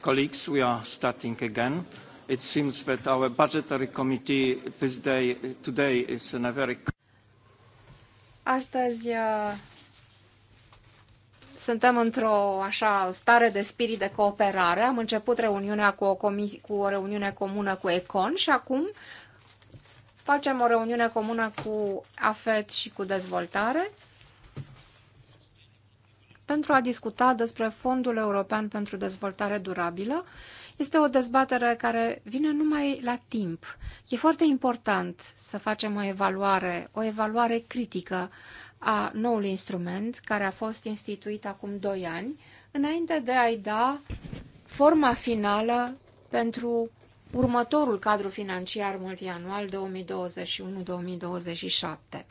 Colleagues, we are starting again. It seems that our budgetary committee this day, today is in a very... Astăzi uh, suntem într-o așa stare de spirit de cooperare. Am început reuniunea cu o, comis- cu o reuniune comună cu Econ și acum facem o reuniune comună cu AFET și cu dezvoltare pentru a discuta despre Fondul European pentru Dezvoltare Durabilă. Este o dezbatere care vine numai la timp. E foarte important să facem o evaluare, o evaluare critică a noului instrument care a fost instituit acum 2 ani, înainte de a-i da forma finală pentru următorul cadru financiar multianual 2021-2027.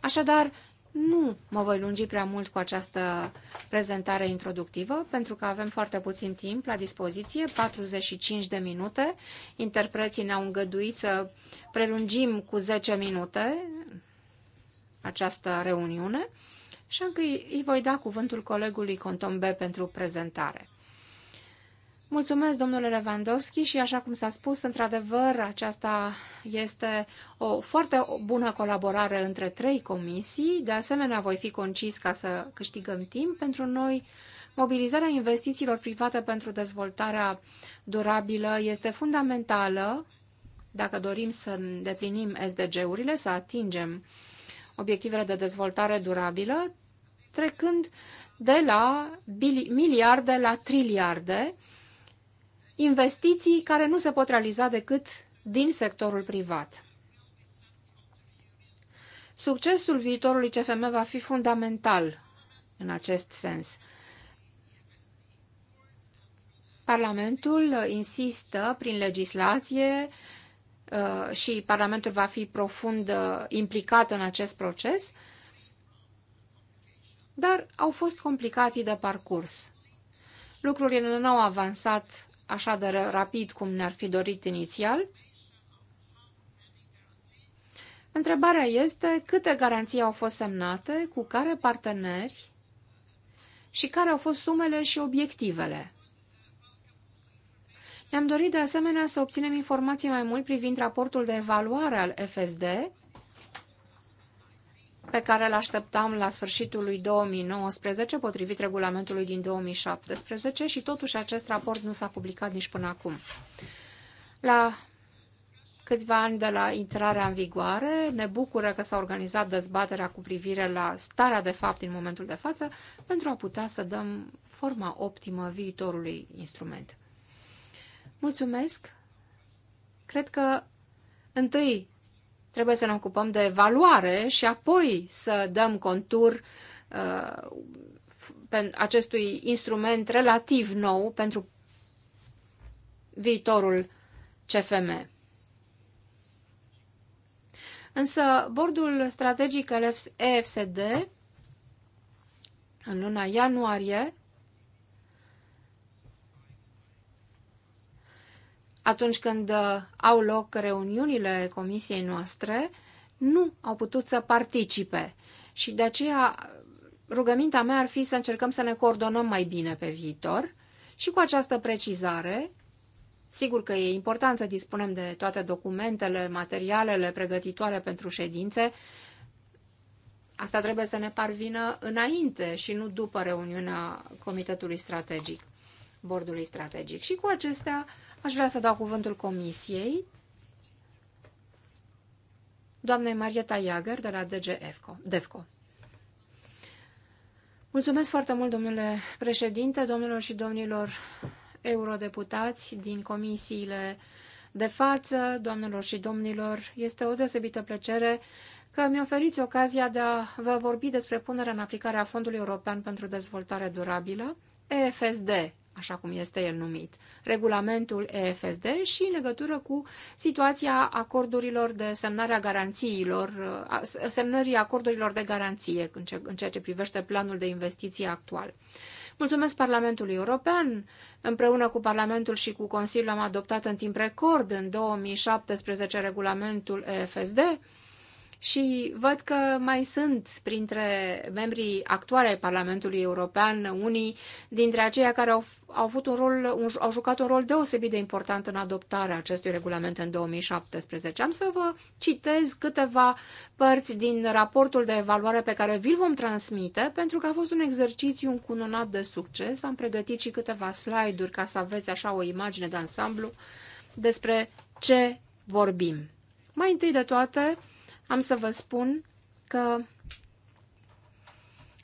Așadar, nu mă voi lungi prea mult cu această prezentare introductivă, pentru că avem foarte puțin timp la dispoziție, 45 de minute. Interpreții ne-au îngăduit să prelungim cu 10 minute această reuniune și încă îi voi da cuvântul colegului Contombe pentru prezentare. Mulțumesc, domnule Lewandowski, și așa cum s-a spus, într-adevăr, aceasta este o foarte bună colaborare între trei comisii. De asemenea, voi fi concis ca să câștigăm timp pentru noi. Mobilizarea investițiilor private pentru dezvoltarea durabilă este fundamentală dacă dorim să îndeplinim SDG-urile, să atingem obiectivele de dezvoltare durabilă, trecând de la miliarde la triliarde, investiții care nu se pot realiza decât din sectorul privat. Succesul viitorului CFM va fi fundamental în acest sens. Parlamentul insistă prin legislație uh, și Parlamentul va fi profund uh, implicat în acest proces, dar au fost complicații de parcurs. Lucrurile nu au avansat așa de rapid cum ne-ar fi dorit inițial. Întrebarea este câte garanții au fost semnate, cu care parteneri și care au fost sumele și obiectivele. Ne-am dorit de asemenea să obținem informații mai mult privind raportul de evaluare al FSD pe care îl așteptam la sfârșitul lui 2019, potrivit regulamentului din 2017, și totuși acest raport nu s-a publicat nici până acum. La câțiva ani de la intrarea în vigoare, ne bucură că s-a organizat dezbaterea cu privire la starea de fapt din momentul de față, pentru a putea să dăm forma optimă viitorului instrument. Mulțumesc! Cred că întâi trebuie să ne ocupăm de evaluare și apoi să dăm contur uh, acestui instrument relativ nou pentru viitorul CFM. Însă, bordul strategic al EFSD în luna ianuarie atunci când uh, au loc reuniunile comisiei noastre, nu au putut să participe. Și de aceea rugămintea mea ar fi să încercăm să ne coordonăm mai bine pe viitor și cu această precizare, sigur că e important să dispunem de toate documentele, materialele pregătitoare pentru ședințe, asta trebuie să ne parvină înainte și nu după reuniunea Comitetului Strategic, Bordului Strategic. Și cu acestea Aș vrea să dau cuvântul comisiei doamnei Marieta Iager de la DG DEFCO. Mulțumesc foarte mult, domnule președinte, domnilor și domnilor eurodeputați din comisiile de față, doamnelor și domnilor. Este o deosebită plăcere că mi oferiți ocazia de a vă vorbi despre punerea în aplicare a Fondului European pentru Dezvoltare Durabilă, EFSD așa cum este el numit, regulamentul EFSD și în legătură cu situația acordurilor de semnare a garanțiilor, semnării acordurilor de garanție în ceea ce privește planul de investiții actual. Mulțumesc Parlamentului European. Împreună cu Parlamentul și cu Consiliul am adoptat în timp record în 2017 regulamentul EFSD și văd că mai sunt printre membrii actuale ai Parlamentului European unii dintre aceia care au, au, avut un rol, un, au jucat un rol deosebit de important în adoptarea acestui regulament în 2017. Am să vă citez câteva părți din raportul de evaluare pe care vi-l vom transmite, pentru că a fost un exercițiu încununat de succes. Am pregătit și câteva slide-uri ca să aveți așa o imagine de ansamblu despre ce vorbim. Mai întâi de toate, am să vă spun că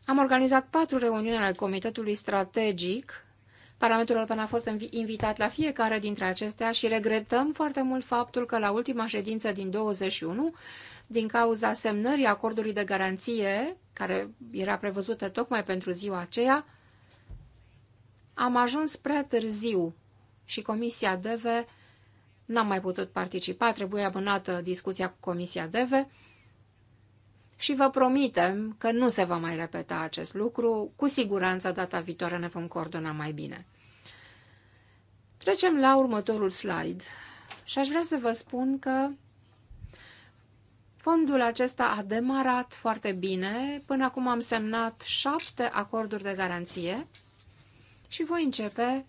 am organizat patru reuniuni ale Comitetului Strategic. Parlamentul European a fost invitat la fiecare dintre acestea și regretăm foarte mult faptul că la ultima ședință din 21, din cauza semnării acordului de garanție, care era prevăzută tocmai pentru ziua aceea, am ajuns prea târziu și Comisia DEVE N-am mai putut participa, trebuie abonată discuția cu Comisia DEVE și vă promitem că nu se va mai repeta acest lucru. Cu siguranță data viitoare ne vom coordona mai bine. Trecem la următorul slide și aș vrea să vă spun că fondul acesta a demarat foarte bine. Până acum am semnat șapte acorduri de garanție și voi începe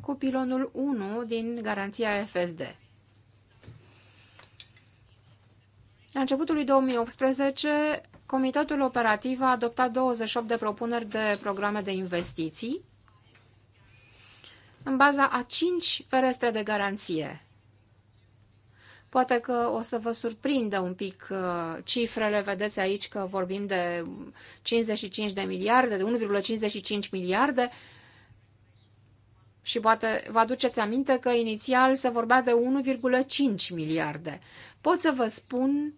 cu pilonul 1 din garanția FSD. La începutul lui 2018, Comitetul Operativ a adoptat 28 de propuneri de programe de investiții în baza a 5 ferestre de garanție. Poate că o să vă surprindă un pic uh, cifrele, vedeți aici că vorbim de 55 de miliarde, de 1,55 miliarde, și poate vă aduceți aminte că inițial se vorbea de 1,5 miliarde. Pot să vă spun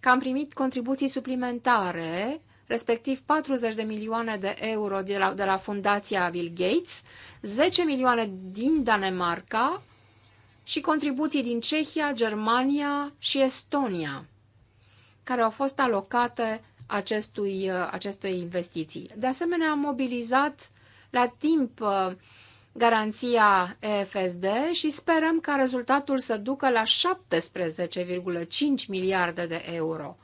că am primit contribuții suplimentare, respectiv 40 de milioane de euro de la, de la Fundația Bill Gates, 10 milioane din Danemarca și contribuții din Cehia, Germania și Estonia, care au fost alocate acestui, acestei investiții. De asemenea, am mobilizat la timp uh, garanția EFSD și sperăm ca rezultatul să ducă la 17,5 miliarde de euro.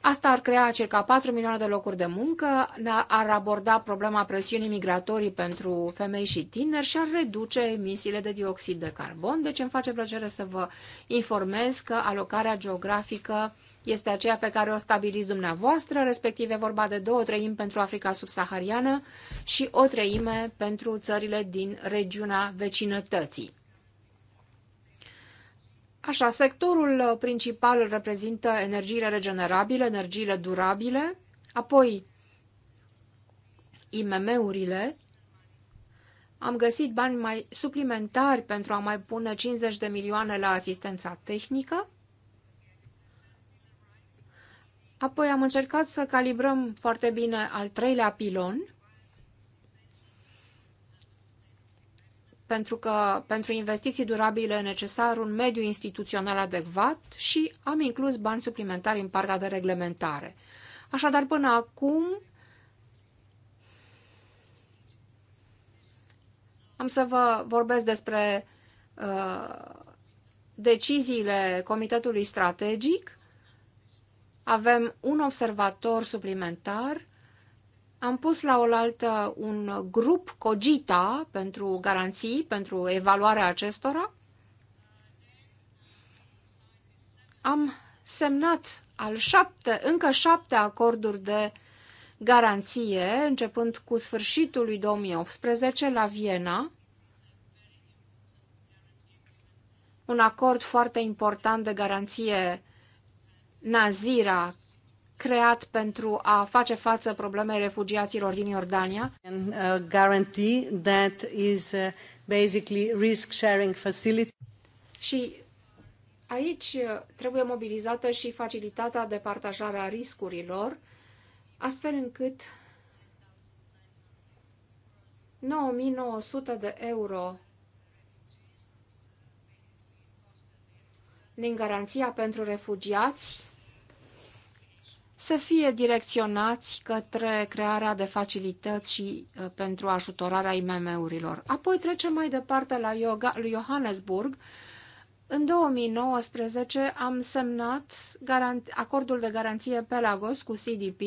Asta ar crea circa 4 milioane de locuri de muncă, ar aborda problema presiunii migratorii pentru femei și tineri și ar reduce emisiile de dioxid de carbon. Deci îmi face plăcere să vă informez că alocarea geografică este aceea pe care o stabiliți dumneavoastră, respectiv e vorba de două treimi pentru Africa subsahariană și o treime pentru țările din regiunea vecinătății. Așa, sectorul principal reprezintă energiile regenerabile, energiile durabile, apoi IMM-urile. Am găsit bani mai suplimentari pentru a mai pune 50 de milioane la asistența tehnică Apoi am încercat să calibrăm foarte bine al treilea pilon, pentru că pentru investiții durabile e necesar un mediu instituțional adecvat și am inclus bani suplimentari în partea de reglementare. Așadar, până acum am să vă vorbesc despre uh, deciziile Comitetului Strategic, avem un observator suplimentar, am pus la oaltă un grup COGITA pentru garanții, pentru evaluarea acestora. Am semnat al șapte, încă șapte acorduri de garanție, începând cu sfârșitul lui 2018 la Viena, un acord foarte important de garanție Nazira, creat pentru a face față problemei refugiaților din Iordania. And, uh, guarantee that is uh, basically risk sharing facility. Și aici uh, trebuie mobilizată și facilitatea de partajare a riscurilor, astfel încât 9900 de euro din garanția pentru refugiați să fie direcționați către crearea de facilități și uh, pentru ajutorarea IMM-urilor. Apoi trecem mai departe la yoga, lui Johannesburg. În 2019 am semnat acordul de garanție Pelagos cu CDP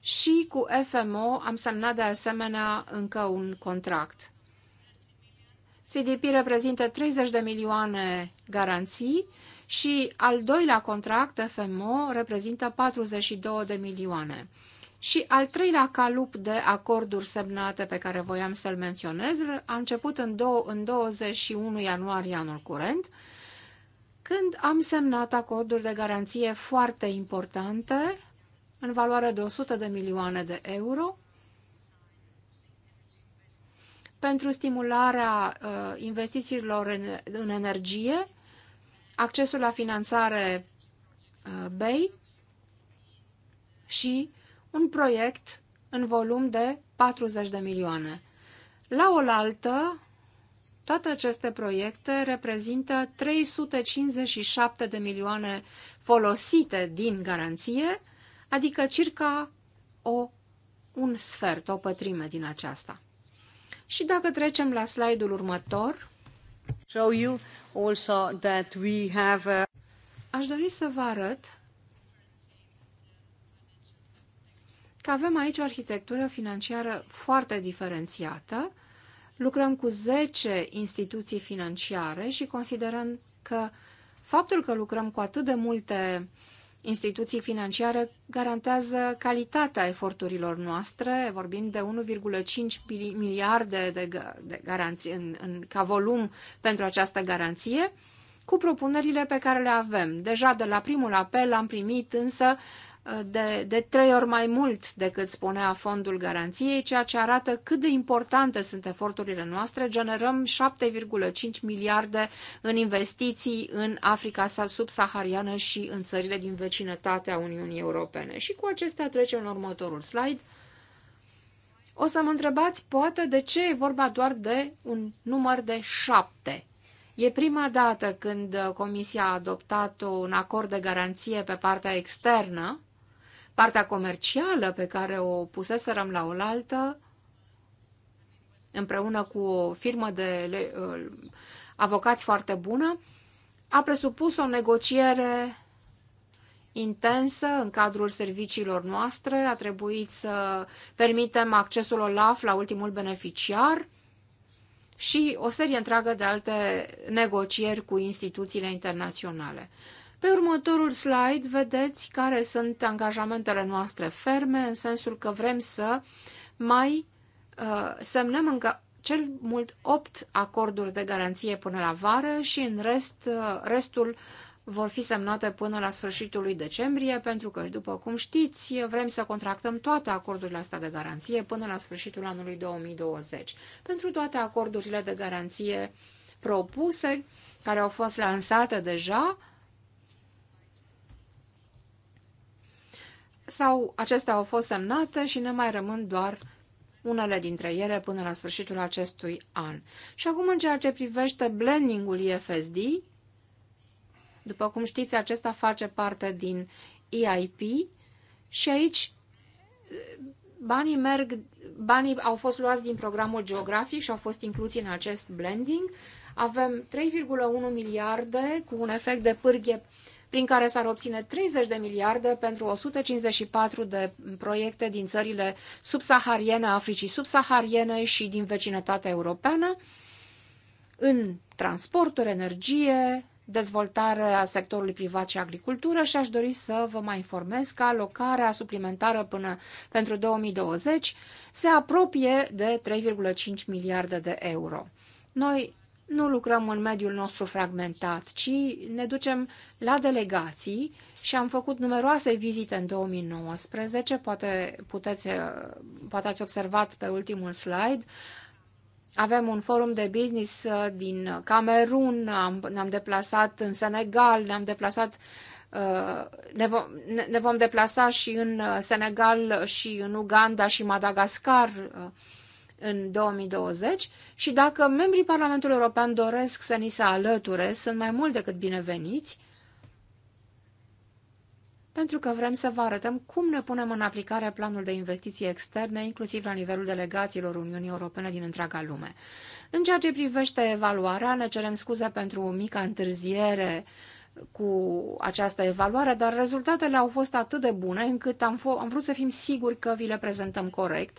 și cu FMO am semnat de asemenea încă un contract. CDP reprezintă 30 de milioane garanții, și al doilea contract, FMO, reprezintă 42 de milioane. Și al treilea calup de acorduri semnate pe care voiam să-l menționez a început în, dou- în 21 ianuarie anul curent, când am semnat acorduri de garanție foarte importante, în valoare de 100 de milioane de euro, pentru stimularea uh, investițiilor în, în energie accesul la finanțare uh, BEI și un proiect în volum de 40 de milioane. La oaltă, toate aceste proiecte reprezintă 357 de milioane folosite din garanție, adică circa o, un sfert, o pătrime din aceasta. Și dacă trecem la slide-ul următor, Aș dori să vă arăt că avem aici o arhitectură financiară foarte diferențiată. Lucrăm cu 10 instituții financiare și considerăm că faptul că lucrăm cu atât de multe instituții financiare garantează calitatea eforturilor noastre. Vorbim de 1,5 miliarde de, de garanții în, în, ca volum pentru această garanție, cu propunerile pe care le avem. Deja de la primul apel am primit însă uh, de, de trei ori mai mult decât spunea fondul garanției, ceea ce arată cât de importante sunt eforturile noastre. Generăm 7,5 miliarde în investiții în Africa subsahariană și în țările din vecinătatea Uniunii Europene. Și cu acestea trecem în următorul slide. O să mă întrebați, poate, de ce e vorba doar de un număr de șapte E prima dată când Comisia a adoptat un acord de garanție pe partea externă partea comercială pe care o puseserăm la oaltă, împreună cu o firmă de uh, avocați foarte bună, a presupus o negociere intensă în cadrul serviciilor noastre. A trebuit să permitem accesul OLAF la ultimul beneficiar și o serie întreagă de alte negocieri cu instituțiile internaționale. Pe următorul slide vedeți care sunt angajamentele noastre ferme, în sensul că vrem să mai uh, semnăm încă cel mult 8 acorduri de garanție până la vară și în rest, uh, restul vor fi semnate până la sfârșitul lui decembrie, pentru că, după cum știți, vrem să contractăm toate acordurile astea de garanție până la sfârșitul anului 2020. Pentru toate acordurile de garanție propuse, care au fost lansate deja, sau acestea au fost semnate și ne mai rămân doar unele dintre ele până la sfârșitul acestui an. Și acum în ceea ce privește blending-ul IFSD, după cum știți, acesta face parte din EIP și aici eh, banii merg, banii au fost luați din programul geografic și au fost incluți în acest blending. Avem 3,1 miliarde cu un efect de pârghie prin care s-ar obține 30 de miliarde pentru 154 de proiecte din țările subsahariene, Africii subsahariene și din vecinătatea europeană, în transporturi, energie, dezvoltarea sectorului privat și agricultură și aș dori să vă mai informez că alocarea suplimentară până pentru 2020 se apropie de 3,5 miliarde de euro. Noi nu lucrăm în mediul nostru fragmentat, ci ne ducem la delegații și am făcut numeroase vizite în 2019, poate, puteți, uh, poate ați observat pe ultimul slide, avem un forum de business uh, din Camerun, am, ne-am deplasat în Senegal, ne-am deplasat uh, ne vom, ne vom deplasa și în Senegal, și în Uganda, și Madagascar în 2020 și dacă membrii Parlamentului European doresc să ni se alăture, sunt mai mult decât bineveniți, pentru că vrem să vă arătăm cum ne punem în aplicare planul de investiții externe, inclusiv la nivelul delegațiilor Uniunii Europene din întreaga lume. În ceea ce privește evaluarea, ne cerem scuze pentru o mică întârziere cu această evaluare, dar rezultatele au fost atât de bune încât am, am vrut să fim siguri că vi le prezentăm corect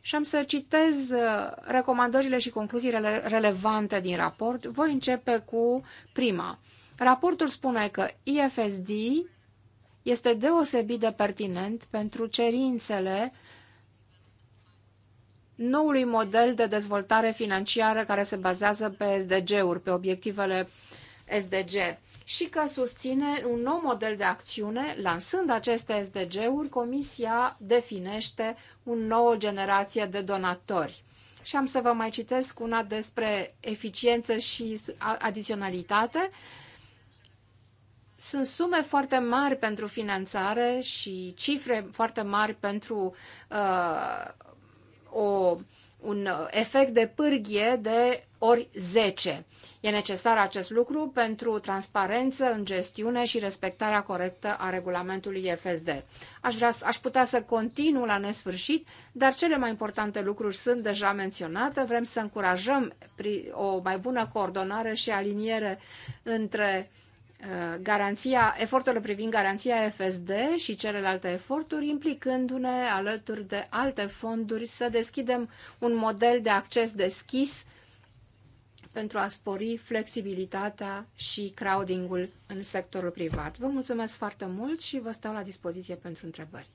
și am să citez uh, recomandările și concluziile relevante din raport. Voi începe cu prima. Raportul spune că IFSD este deosebit de pertinent pentru cerințele noului model de dezvoltare financiară care se bazează pe SDG-uri, pe obiectivele uh, SDG și că susține un nou model de acțiune. Lansând aceste SDG-uri, Comisia definește o nouă generație de donatori. Și am să vă mai citesc una despre eficiență și adiționalitate. Sunt sume foarte mari pentru finanțare și cifre foarte mari pentru uh, o, un efect de pârghie de ori 10. E necesar acest lucru pentru transparență în gestiune și respectarea corectă a regulamentului FSD. Aș, vrea, aș putea să continu la nesfârșit, dar cele mai importante lucruri sunt deja menționate. Vrem să încurajăm o mai bună coordonare și aliniere între uh, garanția, eforturile privind garanția FSD și celelalte eforturi, implicându-ne alături de alte fonduri să deschidem un model de acces deschis uh, pentru a spori flexibilitatea și crowdingul în sectorul privat. Vă mulțumesc foarte mult și vă stau la dispoziție pentru întrebări.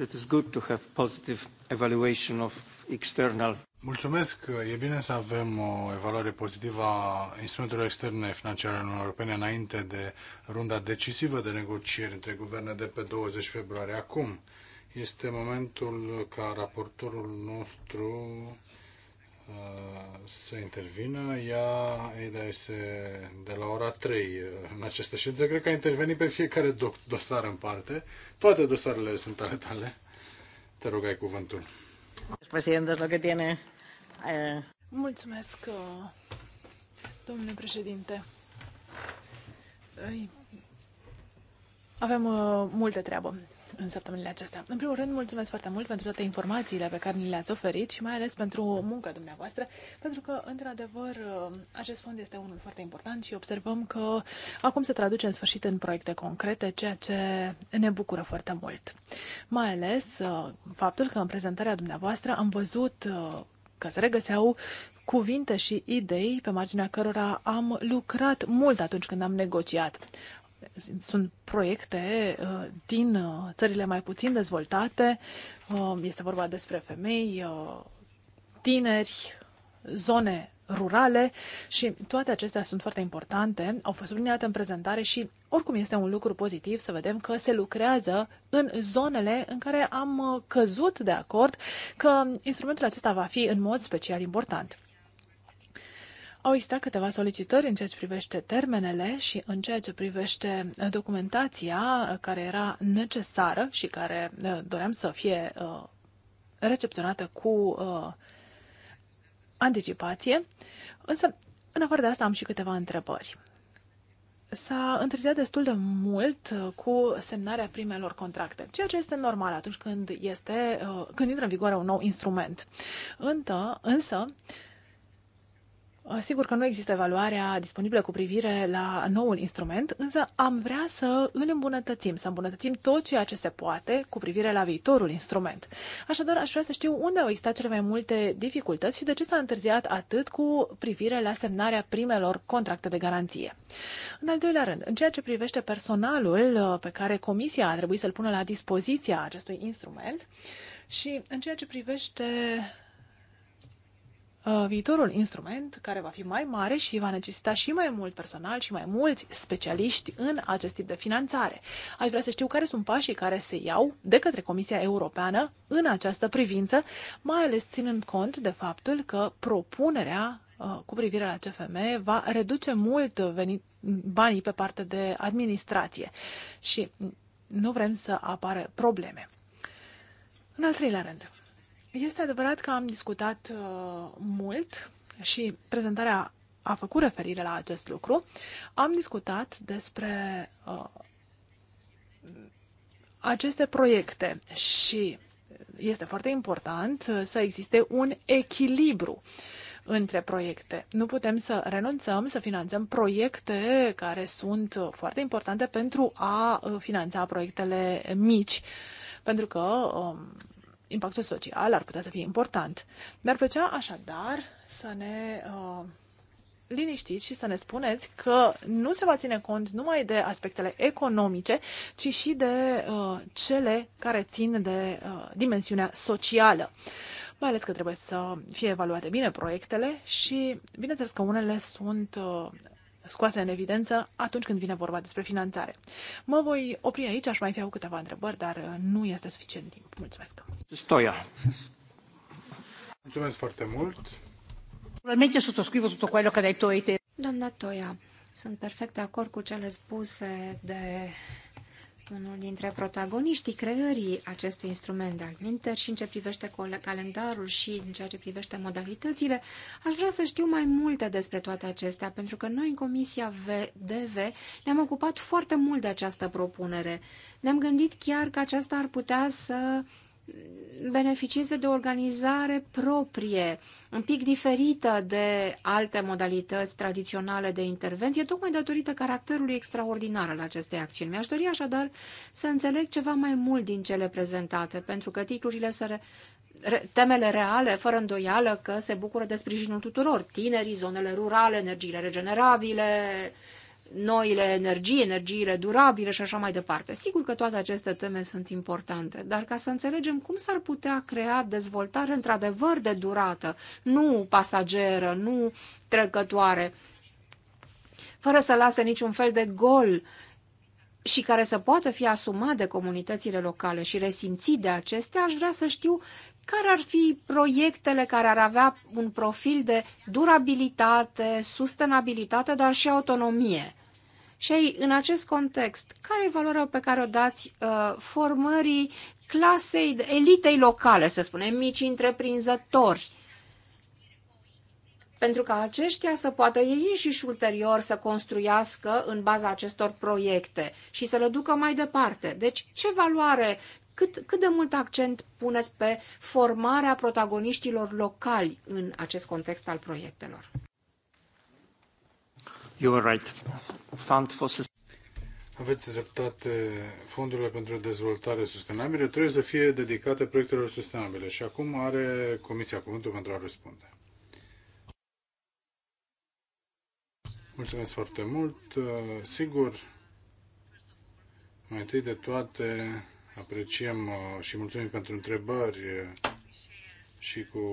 It is good to have positive evaluation of external. Mulțumesc. E bine să avem o evaluare pozitivă a instrumentelor externe financiare în Uniunii Europene, înainte de runda decisivă de negocieri între guverne de pe 20 februarie. Acum este momentul ca raportorul nostru Uh, să intervină. Ea, Eida, este de la ora 3 uh, în această ședință. Cred că a intervenit pe fiecare dosar în parte. Toate dosarele sunt ale tale. Te rog, ai cuvântul. Președinte, lo que tiene. Mulțumesc, uh, domnule președinte. Avem multe treabă în săptămânile acestea. În primul rând, mulțumesc foarte mult pentru toate informațiile pe care ni le-ați oferit și mai ales pentru munca dumneavoastră, pentru că, într-adevăr, acest fond este unul foarte important și observăm că acum se traduce în sfârșit în proiecte concrete, ceea ce ne bucură foarte mult. Mai ales uh, faptul că în prezentarea dumneavoastră am văzut uh, că se regăseau cuvinte și idei pe marginea cărora am lucrat mult atunci când am negociat sunt proiecte uh, din uh, țările mai puțin dezvoltate. Uh, este vorba despre femei, tineri, zone rurale și toate acestea sunt foarte importante, au fost subliniate în prezentare și oricum este un lucru pozitiv să vedem că se lucrează în zonele în care am căzut de acord că instrumentul acesta va fi în mod special important. Au existat câteva solicitări în ceea ce privește termenele și în ceea ce privește uh, documentația uh, care era necesară și care uh, doream să fie recepționată cu anticipație. Însă, în afară de asta, am și câteva întrebări. S-a întârziat destul de mult cu semnarea primelor contracte, ceea ce este normal atunci când, este, când intră în vigoare un nou instrument. Însă, însă Ah, sigur că nu există evaluarea disponibilă cu privire la noul instrument, însă am vrea să îl îmbunătățim, să îmbunătățim tot ceea ce se poate cu privire la viitorul instrument. Așadar, aș vrea să știu unde au existat cele mai multe dificultăți și de ce s-a întârziat atât cu privire la semnarea primelor contracte de garanție. În al doilea rând, în ceea ce privește personalul uh, pe care Comisia a trebuit să-l pună la dispoziția acestui instrument și în ceea ce privește Uh, viitorul instrument, care va fi mai mare și va necesita și mai mult personal și mai mulți specialiști în acest tip de finanțare. Aș vrea să știu care sunt pașii care se iau de către Comisia Europeană în această privință, mai ales ținând cont de faptul că propunerea uh, cu privire la CFM va reduce mult venit, banii pe parte de administrație și nu vrem să apară probleme. În al treilea rând, este adevărat că am discutat uh, mult și prezentarea a făcut referire la acest lucru. Am discutat despre uh, aceste proiecte și este foarte important să existe un echilibru între proiecte. Nu putem să renunțăm să finanțăm proiecte care sunt foarte importante pentru a uh, finanța proiectele mici, pentru că um, impactul social ar putea să fie important. Mi-ar plăcea așadar să ne uh, liniștiți și să ne spuneți că nu se va ține cont numai de aspectele economice, ci și de uh, cele care țin de uh, dimensiunea socială. Mai ales că trebuie să fie evaluate bine proiectele și bineînțeles că unele sunt uh, scoase în evidență atunci când vine vorba despre finanțare. Mă voi opri aici, aș mai fi avut câteva întrebări, dar uh, nu este suficient timp. Mulțumesc! Stoia! Mulțumesc foarte mult! Realmente sottoscrivo tutto quello che ha detto Doamna Toia, sunt perfect de acord cu cele spuse de unul dintre protagoniștii creării acestui instrument de alminter și în ce privește calendarul și în ceea ce privește modalitățile, aș vrea să știu mai multe despre toate acestea, pentru că noi în Comisia VDV ne-am ocupat foarte mult de această propunere. Ne-am gândit chiar că aceasta ar putea să uh, beneficieze de o organizare proprie, un pic diferită de alte modalități tradiționale de intervenție, tocmai datorită caracterului extraordinar al acestei acțiuni. Mi-aș dori așadar să înțeleg ceva mai mult din cele prezentate, pentru că titlurile se re... temele reale, fără îndoială că se bucură de sprijinul tuturor, tinerii, zonele rurale, energiile regenerabile, uh, noile energii, energiile durabile și așa mai departe. Sigur că toate aceste teme sunt importante, dar ca să înțelegem cum s-ar putea crea dezvoltare într-adevăr de durată, nu pasageră, nu trecătoare, fără să lase niciun fel de gol și care să poată fi asumat de comunitățile locale și resimțit de acestea, aș vrea să știu care ar fi proiectele care ar avea un profil de durabilitate, sustenabilitate, dar și autonomie. Și în acest context, care e valoarea pe care o dați uh, formării clasei, elitei locale, să spunem, mici întreprinzători? Pentru ca aceștia să poată ei înșiși ulterior să construiască în baza acestor proiecte și să le ducă mai departe. Deci, ce valoare, cât, cât de mult accent puneți pe formarea protagoniștilor locali în acest context al proiectelor? You are right. Fund for aveți dreptate, fondurile pentru dezvoltare sustenabilă trebuie să fie dedicate proiectelor sustenabile și acum are Comisia Cuvântul pentru a răspunde. Mulțumesc foarte mult. Sigur, mai întâi de toate, apreciem uh, și mulțumim pentru întrebări și cu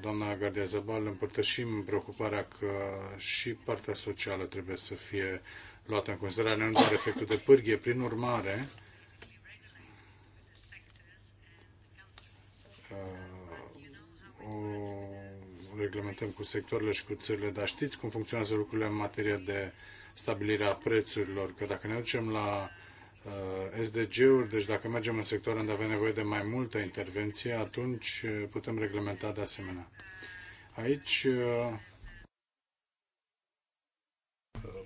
doamna Gardia Zabal împărtășim preocuparea că și partea socială trebuie să fie luată în considerare în efectul de pârghie. Prin urmare, uh, o reglementăm cu sectoarele și cu țările, dar știți cum funcționează lucrurile în materie de stabilirea prețurilor, că dacă ne ducem la Uh, SDG-uri, deci dacă mergem în sector unde avem nevoie de mai multă intervenție, atunci uh, putem reglementa de asemenea. Aici, uh,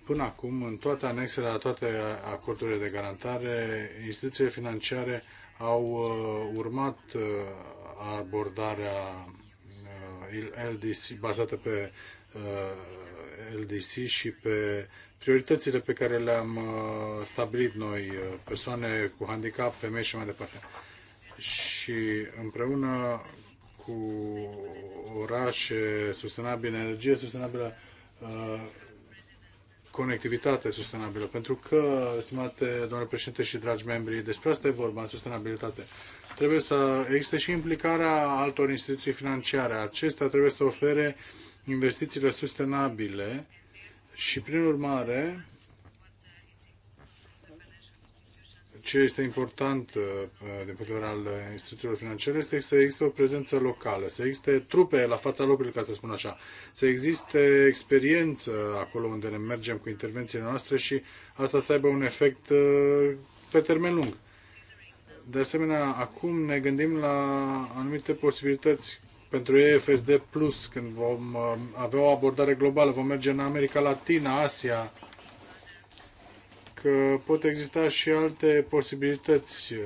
până acum, în toate anexele, la toate acordurile de garantare, instituțiile financiare au urmat abordarea LDC, bazată pe LDC și pe prioritățile pe care le-am uh, stabilit noi, uh, persoane cu handicap, femei și mai departe. Și împreună cu orașe sustenabile, energie sustenabilă, uh, conectivitate sustenabilă. Pentru că, stimate domnule președinte și dragi membri, despre asta e vorba, sustenabilitate. Trebuie să existe și implicarea altor instituții financiare. Acestea trebuie să ofere investițiile sustenabile și prin urmare, ce este important uh, din punct de vedere al instituțiilor financiare este să existe o prezență locală, să existe trupe la fața locului, ca să spun așa, să existe experiență acolo unde ne mergem cu intervențiile noastre și asta să aibă un efect uh, pe termen lung. De asemenea, acum ne gândim la anumite posibilități pentru EFSD Plus, când vom uh, avea o abordare globală, vom merge în America Latina, Asia, că pot exista și alte posibilități. Uh,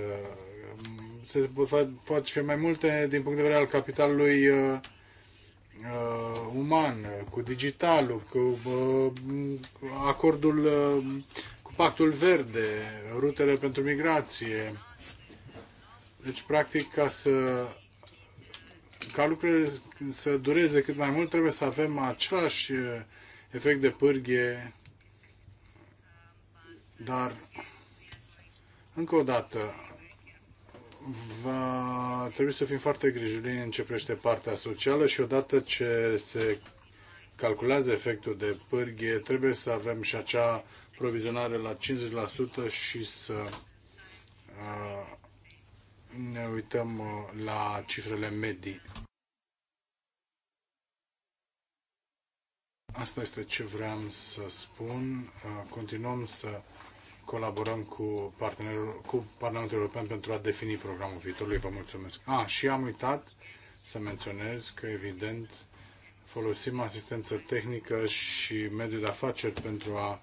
se pot face mai multe din punct de vedere al capitalului uh, uman, cu digitalul, cu acordul cu pactul verde, rutele pentru migrație. Deci, practic, ca să ca lucrurile să dureze cât mai mult, trebuie să avem același uh, efect de pârghie, dar încă o dată va trebui să fim foarte grijulini în ce prește partea socială și odată ce se calculează efectul de pârghie, trebuie să avem și acea provizionare la 50% și să uh, ne uităm uh, la cifrele medii. Asta este ce vreau să spun. Uh, continuăm să colaborăm cu, partenerul, cu Parlamentul European pentru a defini programul viitorului. Vă mulțumesc. Ah, și am uitat să menționez că, evident, folosim asistență tehnică și mediul de afaceri pentru a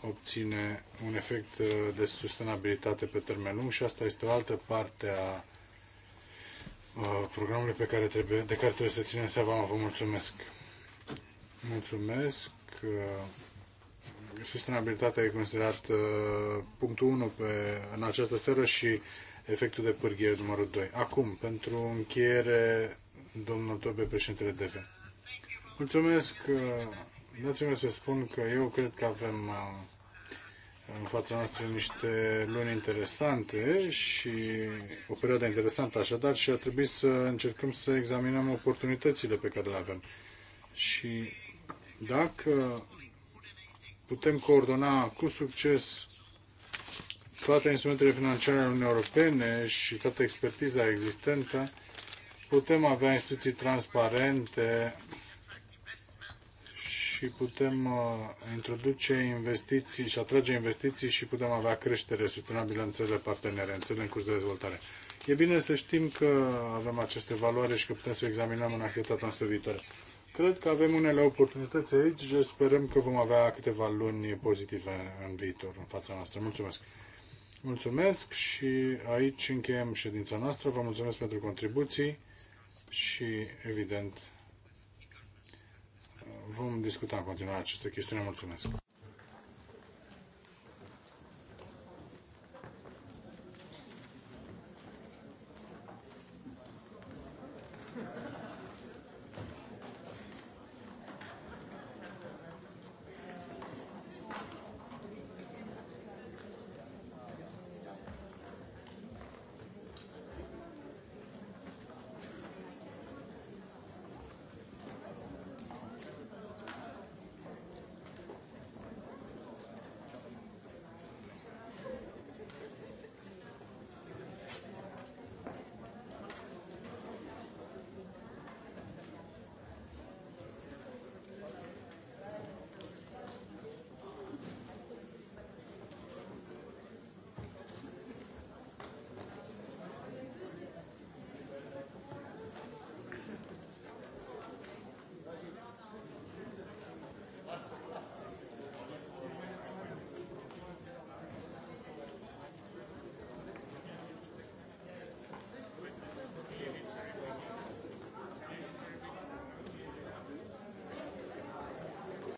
obține un efect uh, de sustenabilitate pe termen lung și asta este o altă parte a uh, programului pe care trebuie, de care trebuie să ținem seama. Vă mulțumesc! Mulțumesc. Uh, sustenabilitatea e considerat uh, punctul 1 pe, în această seară și efectul de pârghie numărul 2. Acum, pentru încheiere, domnul Tobe, președintele DV. Mulțumesc. Uh, dați-mi să spun că eu cred că avem în fața noastră niște luni interesante și o perioadă interesantă așadar și a trebuit să încercăm să examinăm oportunitățile pe care le avem. Și dacă putem coordona cu succes toate instrumentele financiare ale Uniunii Europene și toată expertiza existentă, putem avea instituții transparente și putem uh, introduce investiții și atrage investiții și putem avea creștere sustenabilă în țările partenere, în țările în curs de dezvoltare. E bine să știm că avem aceste valoare și că putem să o examinăm în activitatea noastră viitoare. Cred că avem unele oportunități aici și sperăm că vom avea câteva luni pozitive în viitor, în fața noastră. Mulțumesc! Mulțumesc și aici încheiem ședința noastră. Vă mulțumesc pentru contribuții și, evident, vom discuta în continuare aceste chestiuni. Mulțumesc!